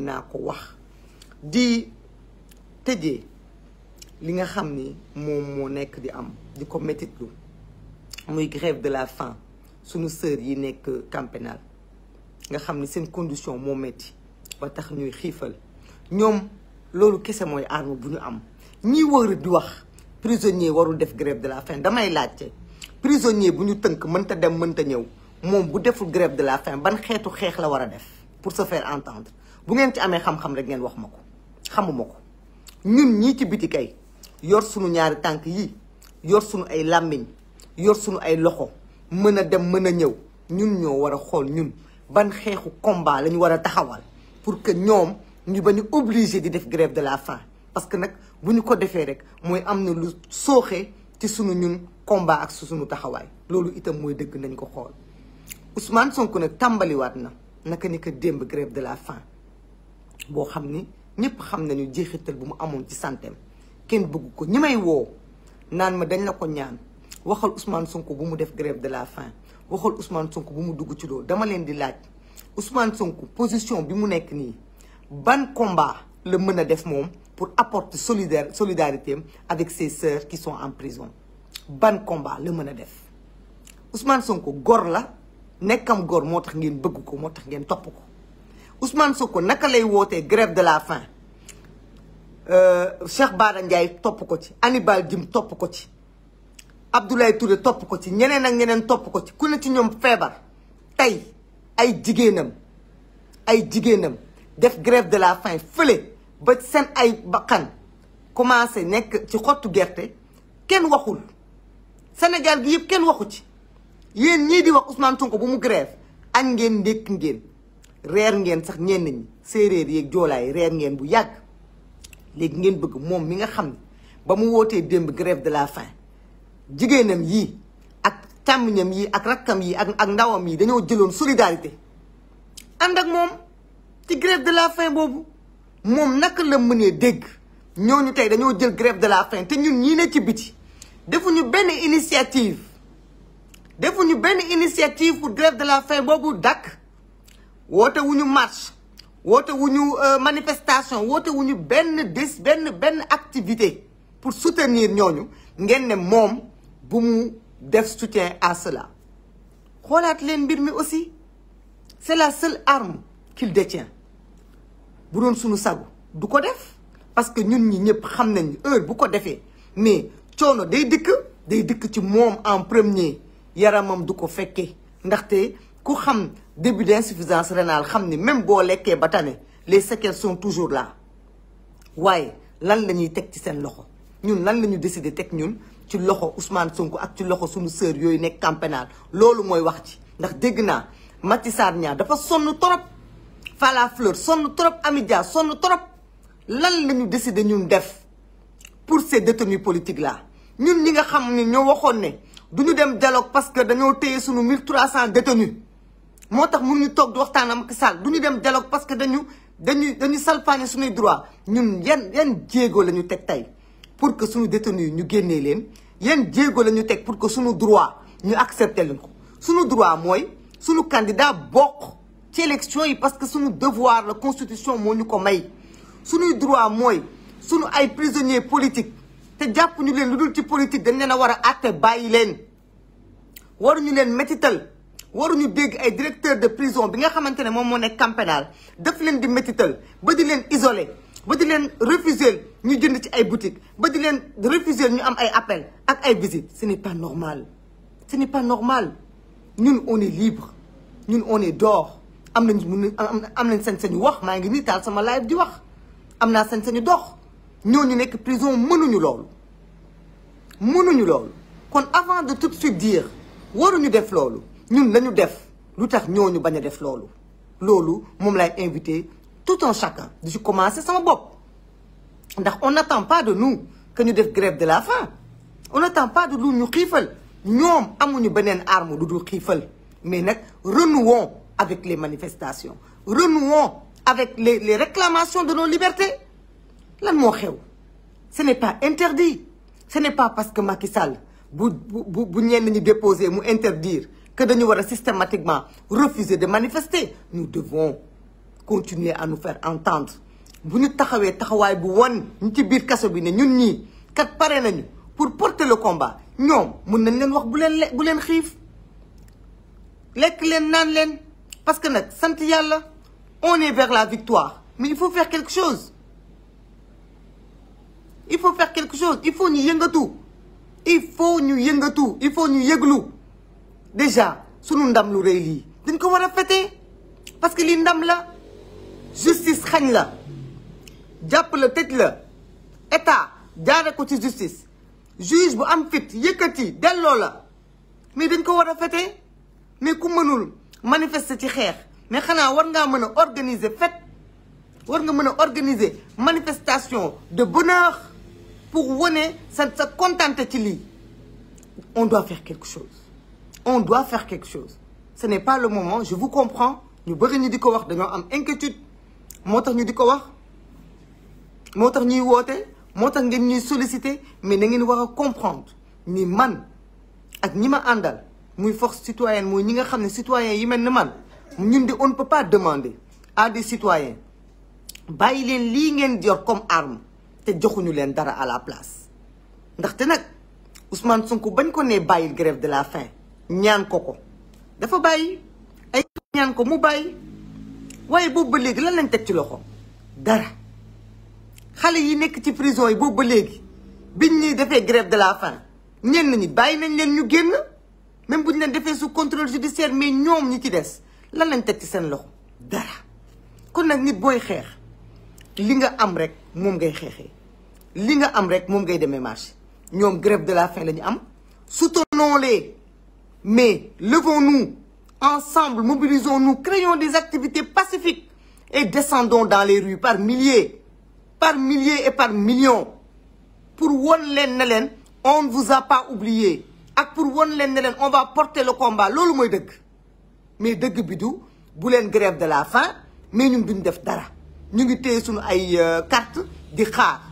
naa ko wax di tëjee li nga xam ni moom moo nekk di am di ko métitlu muy grève de la faim sunu sœur yi nekk camp pénal nga xam ni seen condition moo métti ba tax ñuy xiifal ñoom loolu kese mooy arme bu ñu am ñi wër di wax prisonnier warul def grève de la faim damay laajte prisonnier bu ñu tënk mënta dem mënta ñëw moom bu deful grève de la faim ban xeetu xeex la war a def pour se faire entendre bu ngeen ci amee xam-xam rek ngeen wax ma ko xamuma ko ñun ñii ci biti kay yor sunu ñaari tànk yi yor sunu ay làmmiñ yor sunu ay loxo mën a dem mën a ñëw ñun ñoo war a xool ñun ban xeexu combat la ñu war a taxawal pour que ñoom ñu bañ a obligé di def grève de la faim parce que nag bu ñu ko defee rek mooy am na lu sooxee ci sunu ñun combat ak su sunu taxawaay loolu itam mooy dëgg nañ ko xool Ousmane Sonko nag tàmbaliwaat na naka ni démb grève de la faim boo xam ni ñëpp xam nañu jeexital bu mu amoon ci santeem kenn bëgg ko ñi may woo naan ma dañ la ko ñaan waxal Ousmane sunk bu mu def grève de la faim waxal Ousmane sunk bu mu dugg ci loolu dama leen di laaj Ousmane Sonko position bi mu nekk nii ban combat la mën a def moom pour apporter solidaire solidarité avec ses sœurs qui sont en prison ban combat la mën a def Ousmane Sonko gor la nekkam gor moo tax ngeen bëgg ko moo tax ngeen topp ko. Ousmane ko naka lay wootee grève de la faim euh, Cheikh Bara Ndiaye topp ko ci Hannibal Djim topp ko ci Abdoulaye Touré topp ko ci ñeneen ak ñeneen topp ko ci ku ne ci ñoom feebar tey ay jigéenam ay jigéenam def grève de la faim fële ba seen ay bakkan commencé nekk ci xottu gerte kenn waxul Sénégal gi yëpp kenn waxu ci yéen ñii di wax Ousmane Sonko bu mu grève ak ngeen ndékk ngeen reer ngeen sax ñenn ñi séeréer yeeg joolaay reer ngeen bu yàgg léegi ngeen bëgg moom mi nga xam ne ba mu wootee démb grève de la faim jigéenam yi ak càmmiñam yi ak rakkam yi ak ak ndawam yi dañoo jëloon solidarité ànd ak moom ci grève de la faim boobu moom naka la mënee dégg ñooñu tey dañoo jël grève de la faim te ñun ñii ne ci biti defuñu benn initiative defuñu benn initiative pour grève de la faim boobu dakk woote wu ñu marche woote wu ñu euh, manifestation woote wu ñu benn des benn benn activité pour soutenir ñooñu ngeen ne moom bu mu def soutien à cela xoolaat leen mbir mi aussi c'est la seule arme qu'il détient bu doon suñu sagu du ko def parce que ñun ñi ñëpp xam nañ heure bu ko defee mais coono day dikk day dikk ci moom en premier yaramam du ko fekkee ndaxte ku xam début d'insuffisance rénale xam ni même boo lekkee ba tane les séquelles sont toujours la waaye lan la ñuy teg ci seen loxo ñun lan la ñu décider teg ñun ci loxo Ousmane sunk ak ci loxo suñu sœur yooyu nekk camp loolu mooy wax ci ndax dégg naa Maty Sarr Niang dafa sonn trop Falla Fleur sonn trop amidia Dia sonn trop lan la ñu décider ñun def pour ces détenus politiques la ñun ñi nga xam ni ñoo waxoon ne du ñu dem dialogue parce que dañoo téye suñu 1300 détenus moo tax mu mënuñu toog di waxtaan ak Macky Sall du ñu dem dialogue parce que dañu dañu dañu salfaane suñuy droit ñun yan yan jéego la ñu teg tey pour que suñu détenu ñu génnee leen yan jéego la ñu teg pour que suñu droit ñu accepté leen ko suñu droit mooy suñu candidat bokk ci élection yi parce que suñu devoir la constitution moo ñu ko may suñuy droit mooy suñu ay prisonniers politiques te jàpp ñu leen lu dul ci politique dañ leen a war a àtte bàyyi leen waruñu leen métital waruñu dégg ay directeur de prison bi nga xamante ne moom moo ne camp pénal daf leen di métital ba di leen isolé ba di leen refuser ñu jënd ci ay boutique ba di leen refuser ñu am ay appel ak ay visite ce n'est pas normal ce n'est pas normal ñun on est libre ñun on est dehors am na mun am nañ sañ-sañu wax maa ngi nii taal sama live di wax am naa sañ-sañu dox ñooñu nekk prison mënuñu loolu mënuñu loolu kon avant de tout de suite dire waruñu def loolu ñun lañu def lu tax ñu bañ a def loolu loolu moom lay invité tout un chacun di ci commencer sama bopp ndax on n'attend pas de nous que ñu def grève de la faim on n'attend pas de nous ñu xiifal ñoom amuñu beneen arme lu du xiifal mais nag renouons avec les manifestations renouons avec les les réclamations de nos libertés lan moo xew ce n'est pas interdit ce n'est pas parce que Macky Sall bu bu bu ñenn ñi déposer mu interdire que dañu war a systématiquement refuser de manifester nous devons continuer à nous faire entendre bu ñu taxawee taxawaay bu wan ñu ci biir kaso bi ne ñun ñi kat pare nañu pour porter le combat ñoom mun nañ leen wax bu leen bu leen xiif lekk leen naan leen parce que nag sant yàlla on est vers la victoire mais il faut faire quelque chose il faut faire quelque chose il faut ñu yëngatu il faut ñu yëngatu il faut ñu yëglu déjà sunu ndam lu rëy lii dañ ko war a fêter parce que lii ndam la justice xañ la jàpp la tëj la état jaare ko ci justice juge bu am fit yëkkati delloo la mais dañ ko war a fêter mais ku mënul manifester ci xeex mais xanaa war ngaa mën a organiser fête war nga mën a organiser manifestation de bonheur pour wane sa sa contente ci lii on doit faire quelque chose on doit faire quelque chose ce n'est pas le moment je vous comprends ñu bëri ñu di ko wax dañoo am inquiétude moo tax ñu di ko wax moo tax ñuy woote moo tax ngeen ñuy solliciter mais na ngeen war a comprendre ni man ak ñi ma àndal muy force citoyenne mooy ñi nga xam ne citoyens yi mel ne man ñun de on ne peut pas demander à des citoyens bàyyi leen lii ngeen yor comme arme te joxuñu leen dara à la place ndaxte nag Ousmane Sonko bañ ko nee bàyyil grève de la faim ñaan ko ko dafa bàyyi ay ñaan ko mu bàyyi waaye boobu ba léegi lan lañ teg ci loxo dara xale yi nekk ci prison yi boobu ba léegi biñ ñuy defee grève de la ñeen ñenn ñi bàyyi nañ leen ñu génn même bu ñu leen defee sous contrôle judiciaire mais ñoom ñi ci des lan lañ teg ci seen loxo dara kon nag nit booy xeex li nga am rek moom ngay xeexee li nga am rek moom ngay demee marché ñoom grève de la faim la ñu am su tonoolee Mais levons-nous ensemble, mobilisons-nous, créons des activités pacifiques et descendons dans les rues par milliers, par milliers et par millions. Pour won leen ne leen on ne vous a pas oublié ak pour won leen ne leen on va porter le combat loolu mooy dëgg mais dëgg bidou du bu leen grève de la faim mais ñun duñ def dara ñu ngi téye suñu ay euh, carte di xaar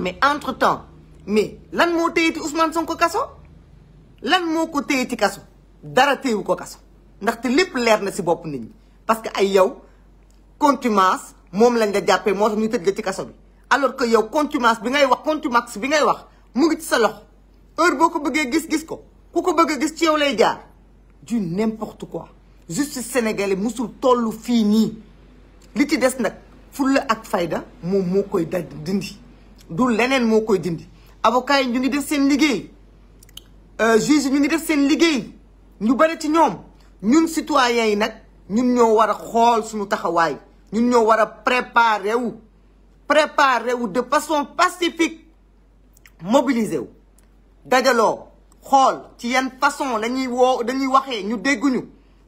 mais entre temps mais lan moo téyeti Ousmane Sonko kaso lan moo ko téye ci kaso dara téyewu ko kaso ndaxte lépp leer na si bopp nit ñi parce que ay yow contumace moom lañ la jàppee moo tax ñu tëj la ci kaso bi alors que yow contumace bi ngay wax contumace bi ngay wax mu ngi ci sa loxo heure boo ko bëggee gis-gis ko ku ko bëgg a gis ci yow lay jaar du n'importe quoi justice sénégalais mosul tollu fii nii li ci des nag fulla ak fayda moom moo koy daj dindi du leneen moo koy dindi avocat yi ñu ngi def seen liggéey Euh, juge ñu ngi def seen liggéey ñu bari ci ñoom ñun citoyens yi nag ñun ñoo war a xool suñu taxawaay ñun ñoo war a préparer wu wu de façon pacifique mobiliser wu dajaloo xool ci yan façon la ñuy woo dañuy waxee ñu dégguñu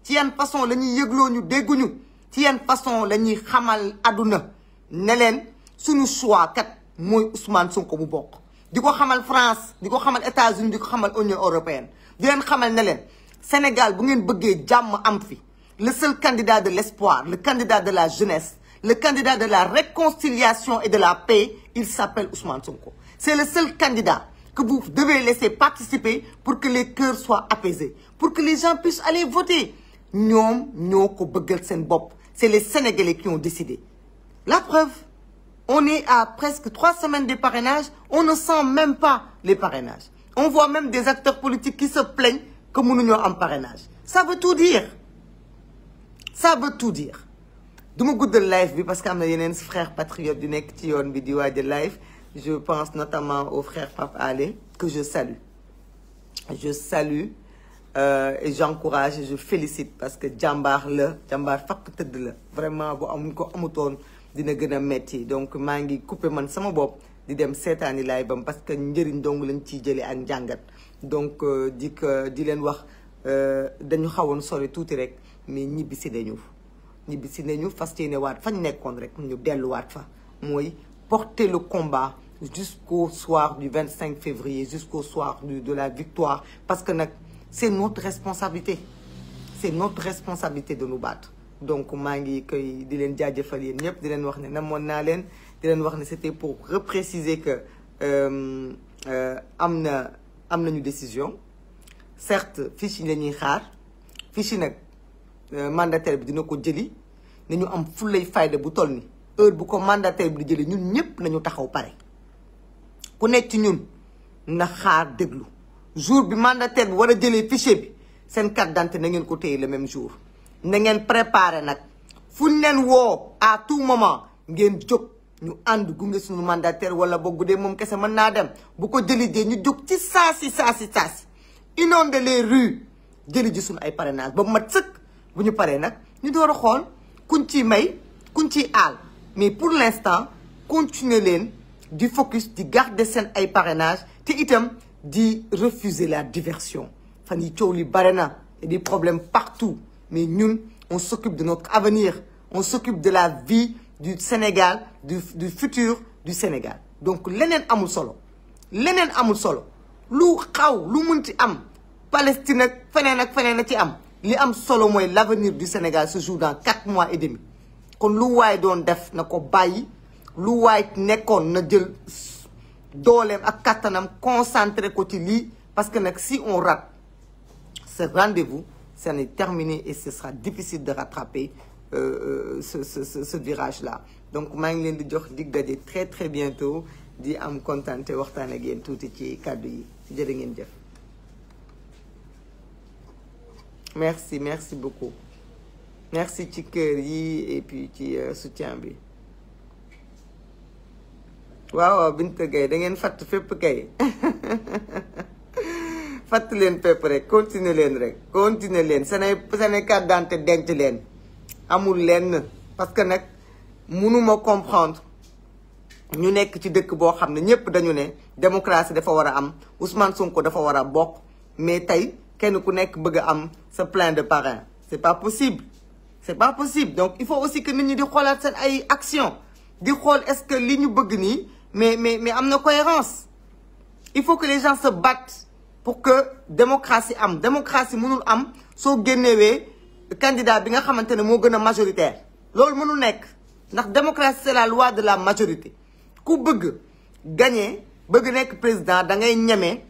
ci yan façon la ñuy yëgloo ñu dégguñu ci yan façon la ñuy xamal àdduna ne suñu choix kat mooy Ousmane ko mu bokk di ko xamal France di ko xamal États-Unis di ko xamal Union européenne di leen xamal ne leen Sénégal bu ngeen bëggee jàmm am fi le seul candidat de l'espoir le candidat de la jeunesse le candidat de la réconciliation et de la paix il s'appelle Ousmane Sonko c'est le seul candidat que vous devez laisser participer pour que les cœurs soient apaisés pour que les gens puissent aller voter ñoom ñoo ko bëggal seen bopp c'est les Sénégalais qui ont décidé la preuve On est à presque trois semaines de parrainage. On ne sent même pas les parrainages. On voit même des acteurs politiques qui se plaignent que mënuñoo am parrainage. Ça veut tout dire. Ça veut tout dire. du ma guddal live bi parce que am na yeneen frères patriotes yu nekk ci yoon bi di waaj a live je pense notamment au frère Pape Alé que je salue je salue euh, et j'encourage et je félicite parce que jàmbaar la jàmbaar faq tëdd la vraiment bu am ko amutoon dina gën a metti donc maa ngi coupe man sama bopp di dem seetaani laay bam parce que njëriñ dong lañ ciy jëlee ak njàngat donc euh, di di leen wax euh, dañu xawoon sori tuuti rek mais ñibbi si nañu ñibbi si nañu fas yéene waat fañ nekkoon rek ñu delluwaat fa mooy porter le combat jusqu'au soir du 25 février jusqu'au soir du de la victoire parce que nag c'est notre responsabilité c'est notre responsabilité de nous donc maa ngi koy di leen jaajëfal yéen ñëpp di leen wax ne namoon naa leen di leen wax ne c'était pour repréciser que euh, euh, am na am nañu décision certes fiche yi la ñuy xaar fiche yi nag euh, mandataire bi dina ko jëli nañu am fulay fayda bu toll ni heure bu ko mandataire bi di jëli ñun ñëpp nañu taxaw pare ku nekk ci ñun na xaar déglu jour bi mandateer bi war a jëlee fichier bi seen carte d'identité na ngeen ko téye le même jour na ngeen préparer nag fu ñu leen woo à tout moment ngeen jóg ñu ànd gunge suñu mandataire wala boog bu dee moom kese mën naa dem bu ko jëli jee ñu jóg ci saasi saasi saasi inonder les rues jëli ji suñu ay parrainage ba mat sëkk bu ñu paree nag ñu door a xool kuñ ci may kuñ ci aal mais pour l'instant continuer leen di focus di de seen ay parrainage te itam di refuser la diversion fan yi coow li bare na di des problèmes partout mais ñun on s'occupe de notre avenir on s'occupe de la vie du Sénégal du du futur du Sénégal donc leneen amul solo leneen amul solo lu xaw lu mun ci am Palestine ak feneen ak feneen a ci am li am solo mooy l'avenir du Sénégal se joue dans quatre mois et demi kon lu waay doon def na ko bàyyi lu waay nekkoon na jël dooleem ak kattanam concentré ko ci lii parce que nag si on rate ce rendez-vous ça n'est terminé et ce sera difficile de rattraper euh, euh ce, ce, ce, virage-là. Donc maa ngi leen di jox dig daje très très bientôt di am kontaan te waxtaan ak yéen tuuti ci kàddu yi jërë ngeen jëf. merci merci beaucoup merci ci kër yi et puis ci euh, soutien bi waaw waaw Binta Gaye da ngeen fàtt fépp kay fàttali leen fépp rek continuer leen rek continuer leen seen ay seen ay carte d'identité denc leen amul lenn parce que nag mënuma comprendre ñu nekk ci dëkk boo xam ne ñëpp dañu ne démocratie dafa war a am Ousmane Sonko dafa war a bokk mais tey kenn ku nekk bëgg am sa plein de parrain c'est pas possible c'est pas possible donc il faut aussi que nit ñi di xoolaat seen ay action di xool est-ce que li ñu bëgg nii mais mais mais am na cohérence il faut que les gens se pour que démocratie am démocratie mënul am soo génnewee candidat bi nga xamante ne moo gën a majoritaire loolu mënul nekk ndax démocratie c'est la loi de la majorité ku bëgg gagner bëgg nekk président da ngay ñeme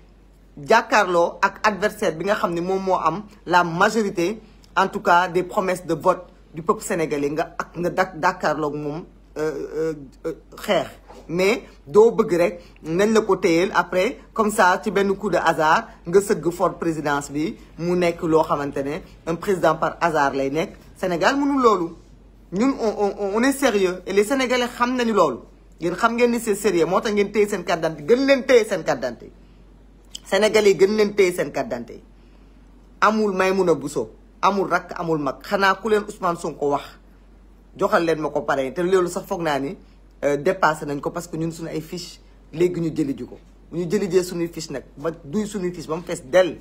jàkkaarloo ak adversaire bi nga xam ne moom moo am la majorité en tout cas des promesses de vote du peuple sénégalais nga ak nga dak jàkkaarloo moom euh, euh, euh, xeex mais doo bëgg rek nañ la ko téyel après comme ça ci benn coup de hasard nga sëgg for présidence bi mu nekk loo xamante ne un président par hasard lay nekk Sénégal mënul loolu ñun un on est sérieux et les Sénégalais xam nañu loolu yéen xam ngeen ni c'est sérieux moo tax ngeen téye seen carte d'identité gën leen téye seen carte d'identité Sénégalais gën leen téye seen carte d'identité amul Maimouna Bousso amul rakk amul mag xanaa ku leen Ousmane ko wax joxal leen ma ko pare te loolu sax foog naa nii Euh, dépassé nañ ko parce que ñun suñu ay fiche léegi ñu jëli ji ko ñu jëli jee suñuy fiche nag ba du suñuy fiche ba mu fees dell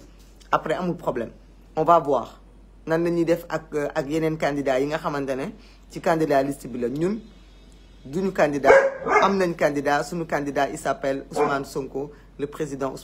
après amul problème on va voir nan la ñuy def ak euh, ak yeneen candidat yi nga xamante ne ci candidat liste bi la ñun duñu candidat am nañ candidat suñu candidat il s'appelle Ousmane Sonko le président